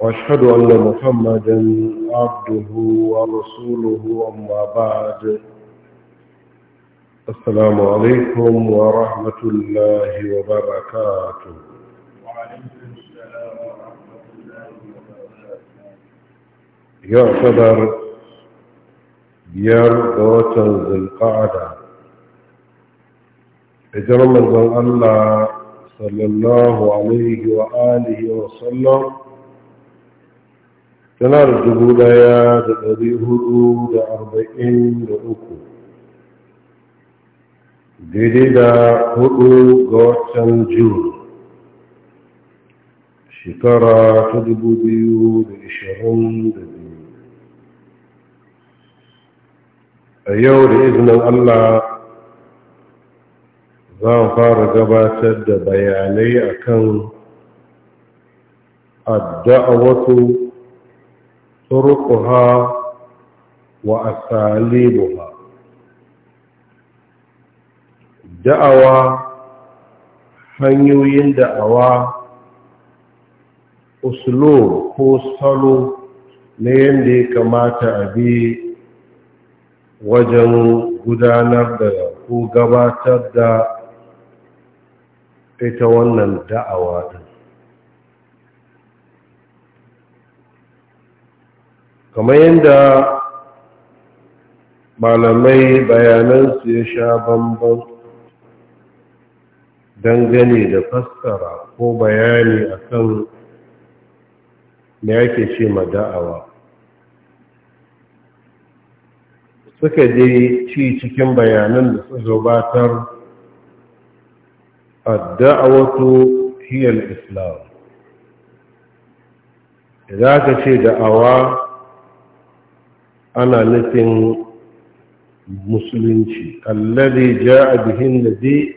واشهد ان محمدا عبده ورسوله اما بعد السلام عليكم ورحمه الله وبركاته وعليكم السلام ورحمه الله وبركاته يا صدر يا watan zulqa'ada hijirar manzon Allah sallallahu alaihi wa alihi wa tana da dubu daya da dari hudu da arba'in da uku daidai da hudu ga watan june shekara ta dubu biyu da ishirin da biyu a yau da izinin allah za a fara gabatar da bayanai akan wasu. wa طرقها وأساليبها da'awa, hanyoyin da'awa uslo ko salo na yadda ya kamata a bi wajen gudanar da ko gabatar da ita wannan da'awa ɗin kamar yadda malamai bayanansu ya sha bambam dangane da fassara ko bayani akan me ake ce ma da'awa suka je ci cikin bayanan da su gabatar da'awatu hiyar islam za ka ce da'awa ana nufin musulunci alladhi a bihin nabi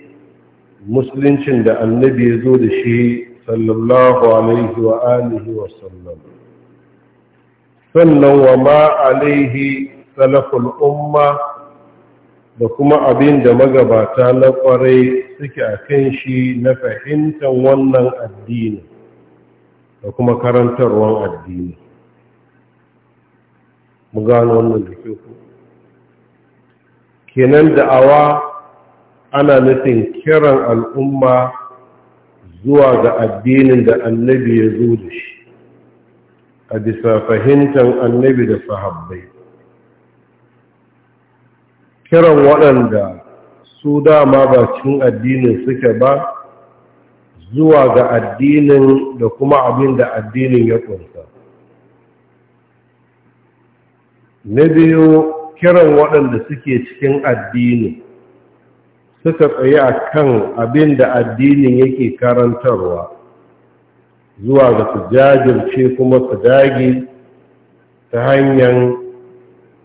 musuluncin da annabi ya zo da shi sallallahu alaihi wa alihi wa sallam sannan wa ma alaihi salaful umma da kuma abin da magabata na kwarai suke a kan shi na fahimtar wannan addini da kuma karantarwar addini mu gano wannan da ke ku kenan da'awa ana nufin kiran al'umma zuwa ga addinin da annabi ya zo da shi a bisa fahimtar annabi da sahabbai kiran waɗanda su dama ba cikin addinin suke ba zuwa ga addinin da kuma abin da addinin ya ƙunsa na biyu kiran waɗanda suke cikin addini suka tsaye a kan abin da addinin yake karantarwa zuwa ga su jajirce kuma su dage ta hanyar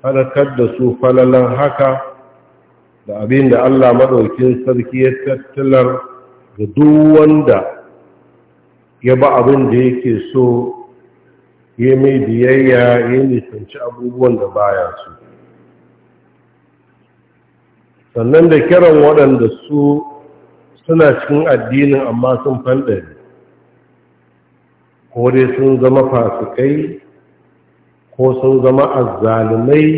harkar da su falalan haka da abin da Allah maɗaukin sarki ya tattalar ga duk wanda ya ba abin da yake so ya mai biyayya ya nisanci abubuwan da baya su sannan da kiran waɗanda su suna cikin addinin amma sun fanɗari ko dai sun zama fasikai ko sun zama azzalumai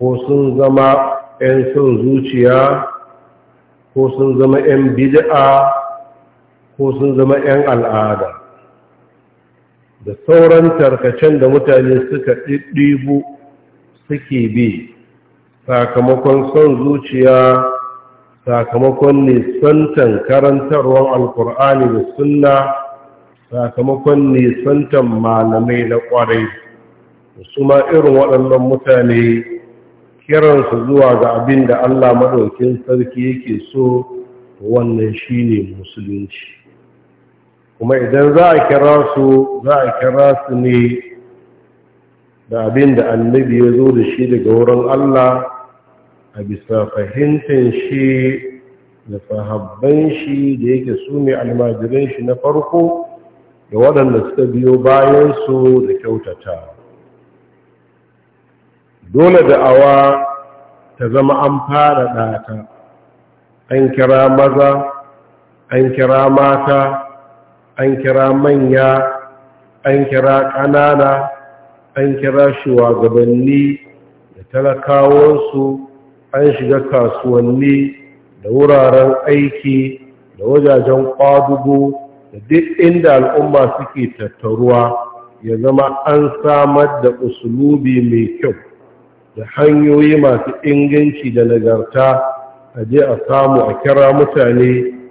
ko sun zama 'yan son zuciya ko sun zama 'yan bid'a ko sun zama 'yan al'ada da sauran tarkacen da mutane suka ɗiɗɗibu suke bi sakamakon son zuciya sakamakon nisantan karantarwar alkur'ani da sunna sakamakon nisantan malamai na ƙwarai su ma irin waɗannan mutane kiransu zuwa ga abin da allah maɗaukin sarki yake so wannan shine musulunci kuma idan za a kira su za a kira su ne da abin da annabi ya zo da shi daga wurin Allah a bisa fahimtar shi da sahabban shi da yake su ne almajiran shi na farko da waɗanda suka biyo bayan su da kyautata dole da awa ta zama an fara ɗata an kira maza an kira mata an kira manya an kira ƙanana an kira shugabanni da talakawansu an shiga kasuwanni da wuraren aiki da wajajen kwadugo da duk inda al'umma suke tattaruwa ya zama an samar da usulubi mai kyau da hanyoyi masu inganci da nagarta a je a samu a kira mutane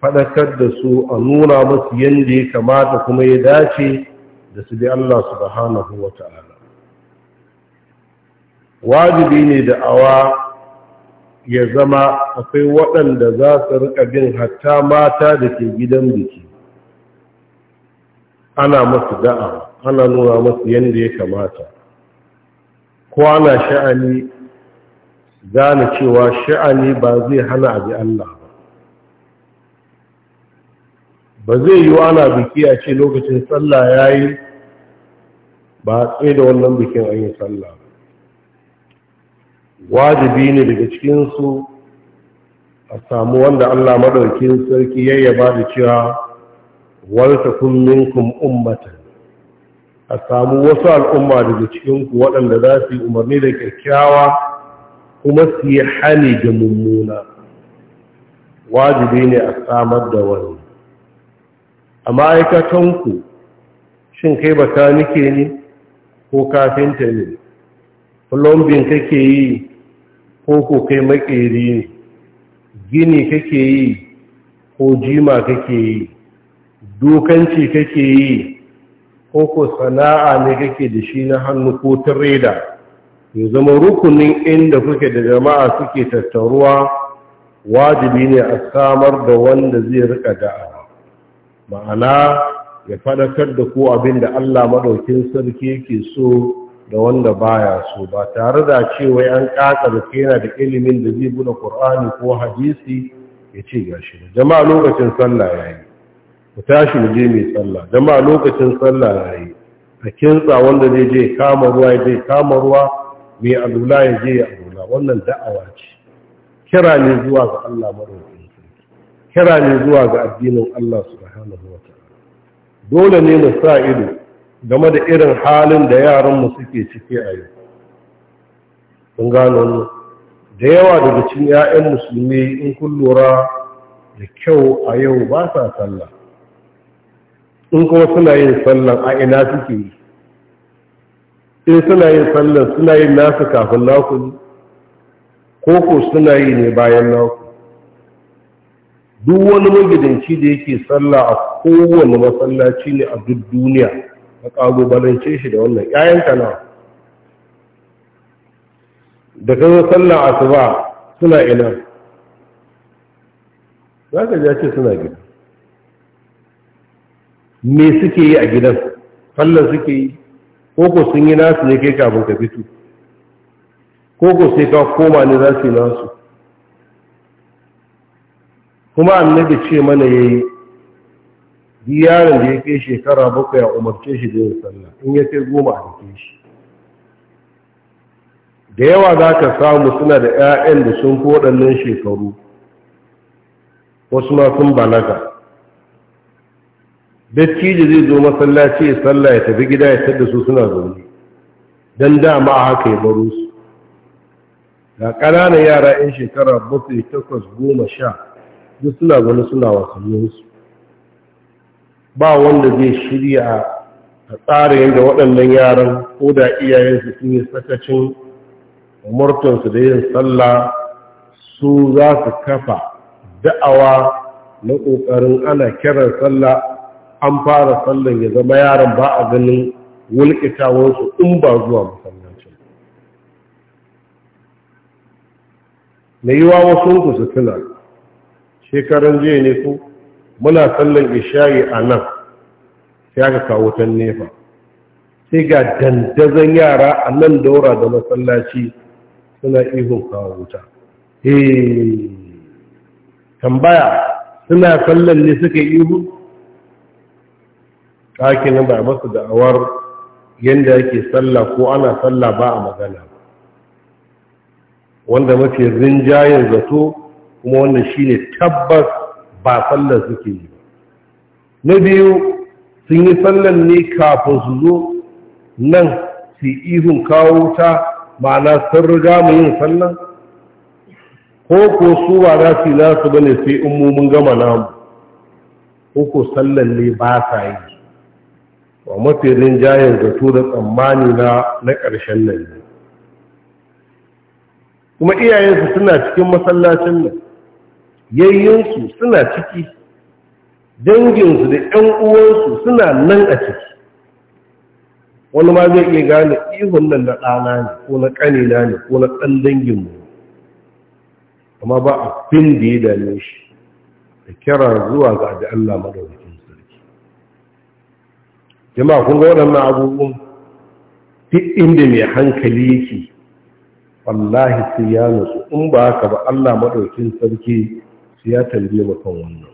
faɗakar da su a nuna masu yadda ya kamata kuma ya dace da su bi Allah subhanahu wa ta'ala wajibi ne da awa ya zama akwai waɗanda za su rika bin hatta mata da ke gidan biki ana masu da'a ana nuna masu yadda ya kamata Kwana sha'ani gane cewa sha'ani ba zai hana abi Allah ba zai yi ana biki a ce lokacin sallah ya yi ba tsaye da wannan bikin an yi sallah wajibi ne daga cikinsu a samu wanda allah maɗaukin sarki yayyaba da cewa warta kun minkum ummatan a samu wasu al'umma daga cikinku waɗanda za su yi umarni da kyakkyawa kuma su yi hali da mummuna wajibi ne a samar da wani a ma'aikatanku shin kai baka nike ne ko kafinta ne plumbing kake yi ko ko kai makeri ne gini kake yi ko jima kake yi dokanci kake yi ko ko sana'a ne kake da shi na hannu ko tireda ya zama rukunin inda kuke da jama'a suke tattaruwa wajibi ne a samar da wanda zai rika da'a ma'ana ya faɗakar da ku abin da Allah maɗaukin sarki yake so da wanda baya so ba tare da cewa an ƙaƙarfe yana da ilimin da zai buɗe ƙur'ani ko hadisi ya ce gashi jama'a lokacin sallah ya yi ku tashi mu je mai sallah jama'a lokacin sallah ya yi a kinsa wanda zai je kama ruwa ya kama ruwa mai alula ya je ya alula wannan da'awa ce kira ne zuwa ga Allah maɗaukin kira ne zuwa ga addinin Allah subhanahu wa ta'ala dole ne mu sa ido game da irin halin da yaran mu suke ciki a yau kun gano da yawa daga cikin ƴaƴan musulmi in kun lura da kyau a yau ba sa sallah in kuma suna yin sallan a ina suke yi in suna yin sallan suna yin nasu kafin naku ko ko suna yi ne bayan naku duk wani magidanci da yake sallah a kowane masallaci ne a duk duniya a kalubalance shi da wannan ƴaƴanka na da kan sallah ba, suna ina za ka ja ce suna gida me suke yi a gidan sallar suke yi koko sun yi nasu ne kai kafin ka fito koko sai ka koma ne za su yi nasu kuma annabi ce mana ya yayi yaron da ya kai shekara bakwai a umarce shi da yin sallah in ya kai goma a jikin shi da yawa za ka samu suna da 'ya'yan da sun fi waɗannan shekaru wasu ma sun balaga dattijo zai zo masallaci ya sallah ya tafi gida ya tadda su suna zaune don dama a haka ya baro su ga ƙananan yara 'yan shekara bakwai takwas goma sha duk suna gani suna wasanninsu ba wanda zai shirya a tsara yadda waɗannan yaran ko da iyayensu sun yi sakacin umartansu da yin sallah su za su kafa da'awa na ƙoƙarin ana kiran sallah an fara sallan ya zama yaran ba a ganin wulƙitawarsu in ba zuwa musammancin na yi wa wasu ku su tunan shekaran jiya ne ku? muna sallan isha'i a nan sai aka kawo nefa sai ga dandazon yara a nan daura da masallaci suna ihun kawo wuta eh, tambaya suna sallan ne suka ihu ɗakin ba masu da'awar yadda yake sallah ko ana sallah ba a magana wanda mafi rinjayen zato kuma wannan shi ne tabbas ba sallar suke yi na biyu sun yi sallar ne kafin su zo nan su ihun kawo ta ma'ana sun riga mu yin sallar ko ko su ba za su yi nasu ba ne sai in mun gama namu ko ko sallar ne ba sa yi wa mafi rinjayen zato da tsammani na ƙarshen nan ne kuma iyayensu suna cikin masallacin nan yayyinsu suna ciki danginsu da ‘yan uwansu suna nan a ciki wani ma zai iya gane ihun nan na ɗana ne ko na ƙanina ne ko na ɗan danginmu amma ba a fin da ya dame shi da kira zuwa ga da Allah madaukakin sarki jama'a kun ga waɗannan abubuwan duk inda mai hankali yake wallahi sai ya nutsu in ba haka ba Allah madaukakin sarki sai ya tambaye wa kan wannan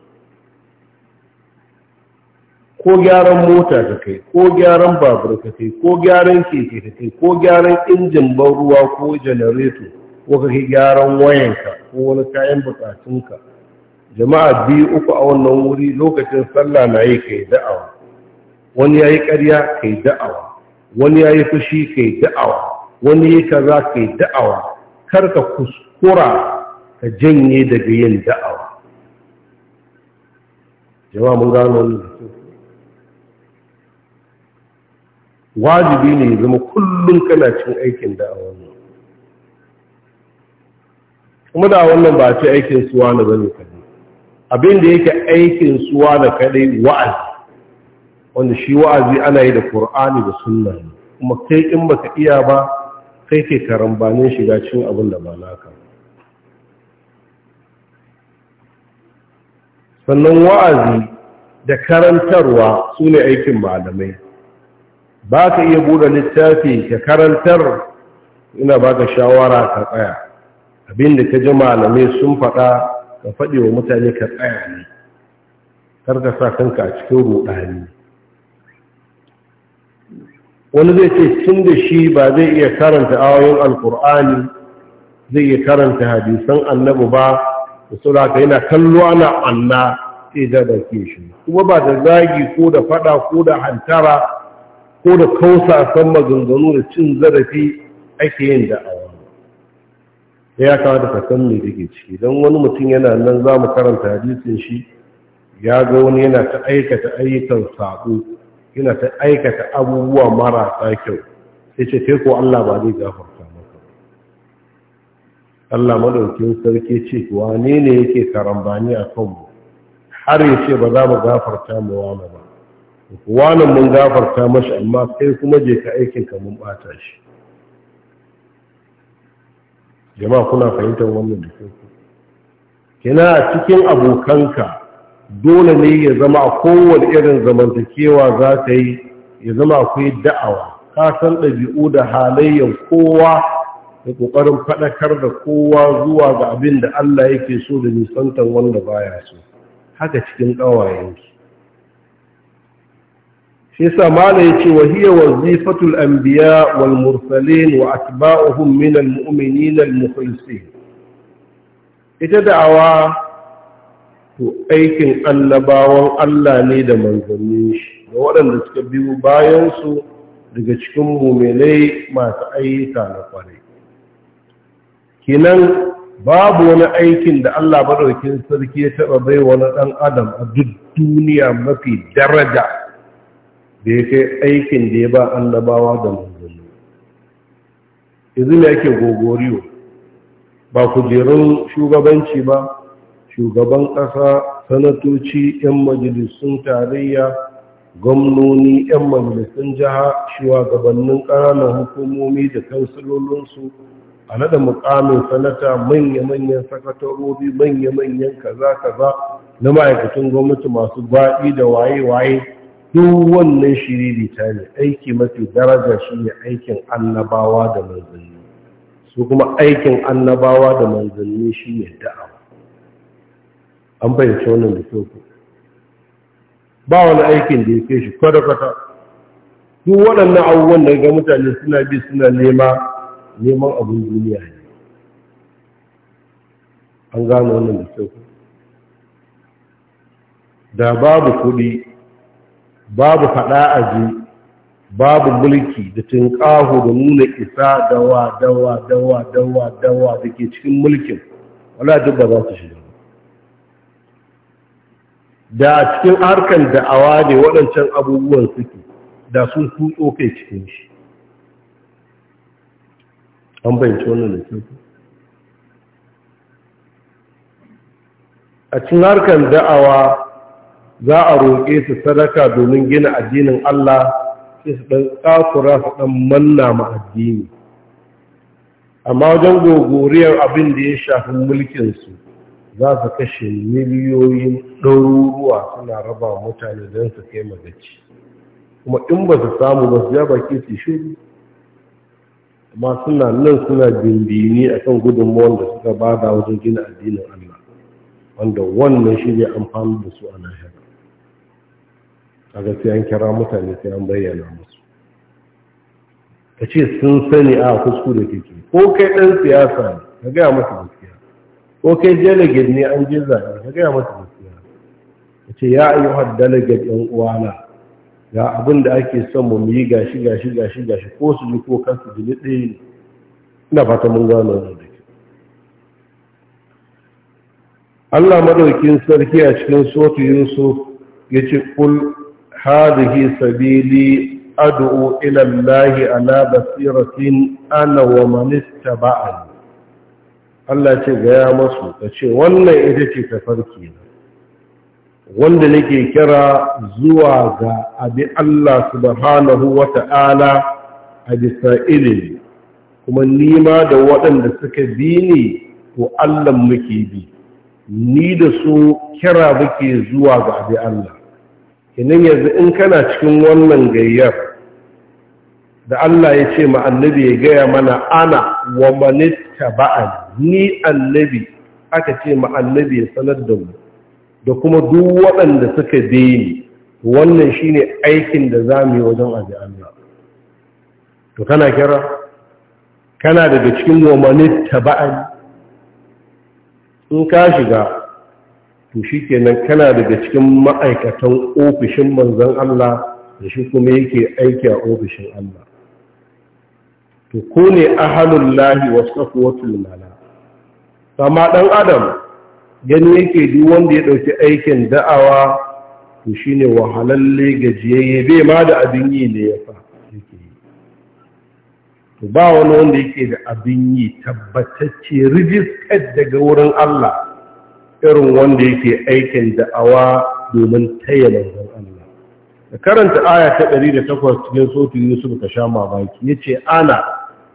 ko gyaran mota ka kai ko gyaran babur ka kai ko gyaran keke ka kai ko gyaran injin ban ruwa ko janareto ko ka kai gyaran wayanka ko wani kayan bukatunka jama'a biyu uku a wannan wuri lokacin sallah na yi kai da'awa wani yayi ƙarya kai da'awa wani yayi fushi kai da'awa wani yi kaza kai da'awa Kar ka kuskura ka janye daga yin da'awa jama'a mun gano su. wajibi ne zama kullum kana cin aikin da'awa ne kuma da wannan ba ce aikin suwa na zane kadai abin da yake aikin suwa na kadai wa'azi wanda shi wa'azi ana yi da ƙur'ani da sunna ne kuma kai in baka iya ba kai ke karambanin shiga cin abin da ba naka sannan wa'azi da karantarwa su ne aikin malamai ba ka iya buɗe littafi ka karantar ina ba ka shawara ka tsaya abinda ka ji malamai sun faɗa ka faɗi wa mutane ka tsaya ne karka sa kanka a cikin ruɗani wani zai ce tun da shi ba zai iya karanta awayin alkur'ani zai iya karanta hadisan annabu ba da saurata yana kallo ana anna sai zada ke shi kuma ba da zagi ko da fada ko da hantara ko da kausa san maganganu da cin zarafi ake yin da da'awa ya kawo da san mai rike ciki don wani mutum yana nan za mu karanta hadisin shi ya ga wani yana ta aikata ayyukan sabo yana ta aikata abubuwa marasa kyau sai ce ko Allah ba zai gafarta Allah madaukin sarki ce wane ne yake karambani a kanmu har ya ce ba za mu gafarta mu wane ba wani mun gafarta mashi amma kai kuma je ka aikin ka mun bata shi jama'a kuna fahimtar wannan da kai kina a cikin abokanka dole ne ya zama a kowane irin zamantakewa za ka yi ya zama akwai da'awa ka san ɗabi'u da halayyar kowa da ƙoƙarin faɗakar da kowa zuwa ga abin da Allah yake so da nisantar wanda baya so haka cikin ƙawayenki shi sa mala ya ce wahiyar wazifatul biya wal mursalin wa atba'uhum min al mu'minin al mukhlisin ita da'awa to aikin annabawan Allah ne da manzannin shi da waɗanda suka biyo bayansu daga cikin mu'minai masu ayyuka na kwarai kenan babu wani aikin da Allah baɗaukin sarki ya taɓa bai wani ɗan adam a duk duniya mafi daraja da ya kai aikin da ya ba annabawa da mazuni. izina ne yake gogoriyo ba kujerun shugabanci ba shugaban ƙasa sanatoci 'yan majalisun tarayya gwamnoni 'yan majalisun jiha shugabannin ƙananan hukumomi da kansilolinsu a nada mukamin sanata manya-manyan sakatarori manya-manyan kaza-kaza na ma'aikatan gwamnati masu baɗi da waye-waye duk wannan shiririta ne aiki mafi daraja shi ne aikin annabawa da manzanni su kuma aikin annabawa da manzanni shi ne da'awa an bayyace wannan da kyau ba wani aikin da ya ke shi kwata-kwata duk waɗannan abubuwan da ga mutane suna bi suna nema neman abin duniya ne an gano wannan da kyau da babu kuɗi babu faɗa aji babu mulki da tunƙaho da nuna isa dawa dawa dawa dawa dawa da ke cikin mulkin wala duk ba za su shiga da cikin harkar da'awa ne waɗancan abubuwan suke da sun tutso kai cikin shi an bayyance wannan da kyau a cikin harkar da'awa za a roƙe su sadaka domin gina addinin Allah sai su ɗan ƙakura su ɗan manna ma addini amma wajen gogoriyar abin da ya shafi mulkinsu za su kashe miliyoyin ɗaruruwa suna raba mutane don su kai magaci kuma in ba su samu ba su ja baki su shiru amma suna nan suna dindini a kan gudunmuwan da suka ba da wajen gina addinin Allah wanda wannan shi ne amfani da su a lahira kaga sai an kira mutane sai an bayyana musu ka ce sun sani a kuskure keke. ko kai ɗan siyasa ne ka gaya masa gaskiya ko kai delegate ne an je zaɓe ka gaya masa gaskiya ka ce ya ayyuhar delegate ɗan uwana ga abin da ake son mu yi gashi gashi gashi gashi ko su ji ko kansu ji ɗaya ina fata mun gano da ke Allah madaukin sarki a cikin sotu Yusuf ya ce kul hadhihi sabili ad'u ila allahi ala basiratin ana wa man ittaba'ani Allah ce ga ya masu ka ce wannan ita ce tafarki na wanda nake kira zuwa ga abi Allah subhanahu wa ta'ala a bisa ilimi kuma nima da waɗanda suka bi ni ko Allah muke bi ni da su kira muke zuwa ga abi Allah inan yanzu in kana cikin wannan gayyar da Allah ya ce ma annabi ya gaya mana ana wa manitta ni annabi aka ce ma annabi ya sanar da mu da kuma duk waɗanda suka daini wannan shine aikin da za mu yi wajen aji to kana kira kana daga cikin wamanin taba'an in ka shiga to shi nan, kana daga cikin ma'aikatan ofishin manzan Allah da shi kuma yake aiki a ofishin Allah to ko ne ahalullahi wasu kafuwatul mala sama ɗan adam gani yake duk wanda ya ɗauki aikin da'awa to shine wahalalle gajiyayye bai ma da abin yi ne ya fa to ba wani wanda yake da abin yi tabbatacce rijistar daga wurin Allah irin wanda yake aikin da'awa domin taya manzon Allah da karanta aya ta 108 cikin sautin Yusuf ka sha mamaki yace ana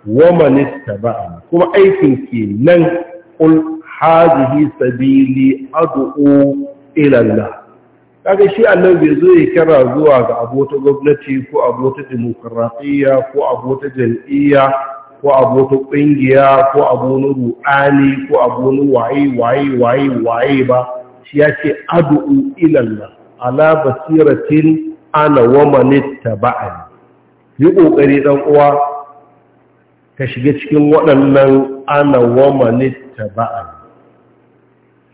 wa manista ba'a kuma aikin ke nan hadihi sabili ad'u ila Allah kaga shi Allah bai zo ya kira zuwa ga abota gwamnati ko abota demokratiya ko abota jam'iyya ko abota kungiya ko abona ru'ani ko abona waye waye waye waye ba shi yake ad'u ila Allah ala basiratin ana wa manittaba'i yi kokari dan uwa ka shiga cikin waɗannan ana wa manittaba'i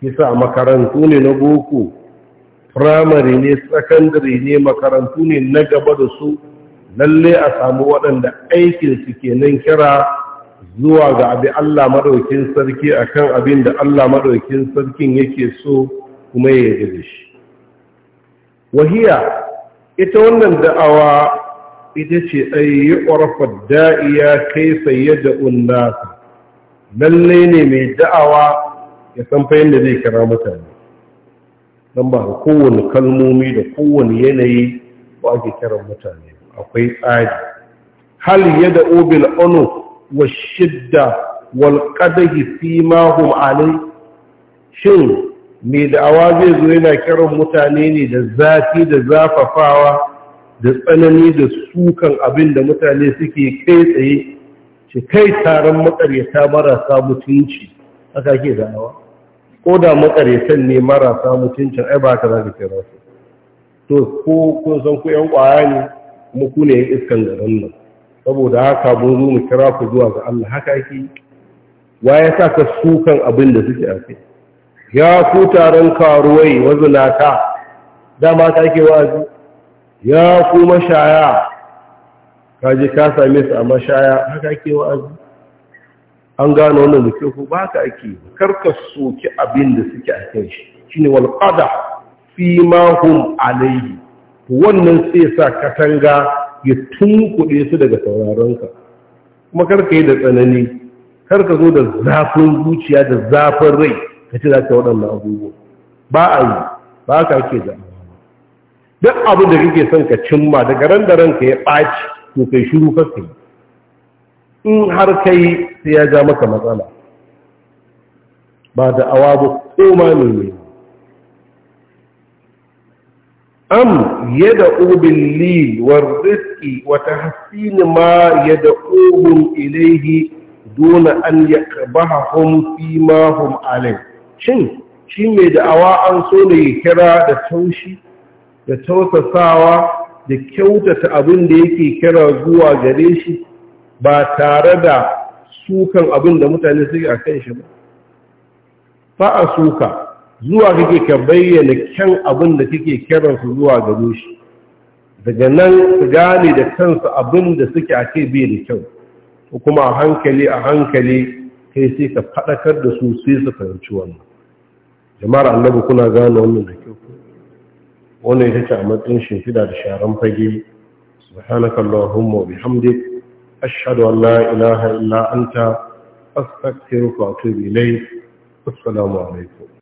kisa makarantu ne na boko firamare ne sakandare ne makarantu ne na gaba da su lalle a samu waɗanda aikinsu kenan kira zuwa ga abin Allah maɗaukin sarki akan abin da Allah maɗaukin sarkin yake so kuma ya yi shi. Wahiya, ita wannan da'awa ita ce ayi ƙwarfar da'iya kai saye da unnasa, lalle ne mai da'awa ya san fa yadda zai kira mutane don ba kowane kalmomi da kowane yanayi ba ake kiran mutane akwai tsari hal yada Obin ono wa shidda wal qadahi fi ma hum alai shin mai da'awa zai zo yana kiran mutane ne da zafi da zafafawa da tsanani da sukan abin da mutane suke kai tsaye shi kai taron makaryata marasa mutunci haka ke da'awa ko da makaretan ne marasa mutuncin ai ba ka za ka su to ko kun san ku yan kwaya ne kuma ku ne iskan garin nan saboda haka mun zo mu kira ku zuwa ga Allah haka yake wa ya sa ka sukan abin da suke a kai ya ku taron karuwai wazunata dama ka ke wazi ya ku mashaya ka je ka same su a mashaya haka ke wa'azi an gano wannan da kyau ba ka ake karka soki abin da suke a kan shi shine ne walƙada fi ma hum wannan sai sa katanga ya tunkuɗe su daga sauraron ka kuma karka yi da tsanani karka zo da zafin zuciya da zafin rai ka ce za waɗannan abubuwa ba a yi ba ka ake da duk abin da kake son ka cimma daga ran da ranka ya ɓaci to kai shiru ka kai in har kai sai ya ja maka matsala ba da awa ba koma ne am yada ubin lil war rizqi wa tahsin ma yada ubun ilayhi duna an yaqbahum fi ma hum alayh shin shi mai da'awa an so ne ya kira da taushi da tausasawa da kyautata abin da yake kira zuwa gare shi ba tare da sukan abin da mutane suke a kan shi ba ba a suka zuwa kake ka bayyana kyan abin da kake su zuwa gare shi daga nan su gane da kansu abin da suke a kai bai da kyau ko kuma a hankali a hankali kai sai ka faɗakar da su sai su fahimci wannan jama'ar annabi kuna gane wannan da kyau wannan ita ce a matsayin shimfida da sharan fage subhanakallahumma wa bihamdik أشهد أن لا إله إلا أنت أستغفرك وأتوب إليك والسلام عليكم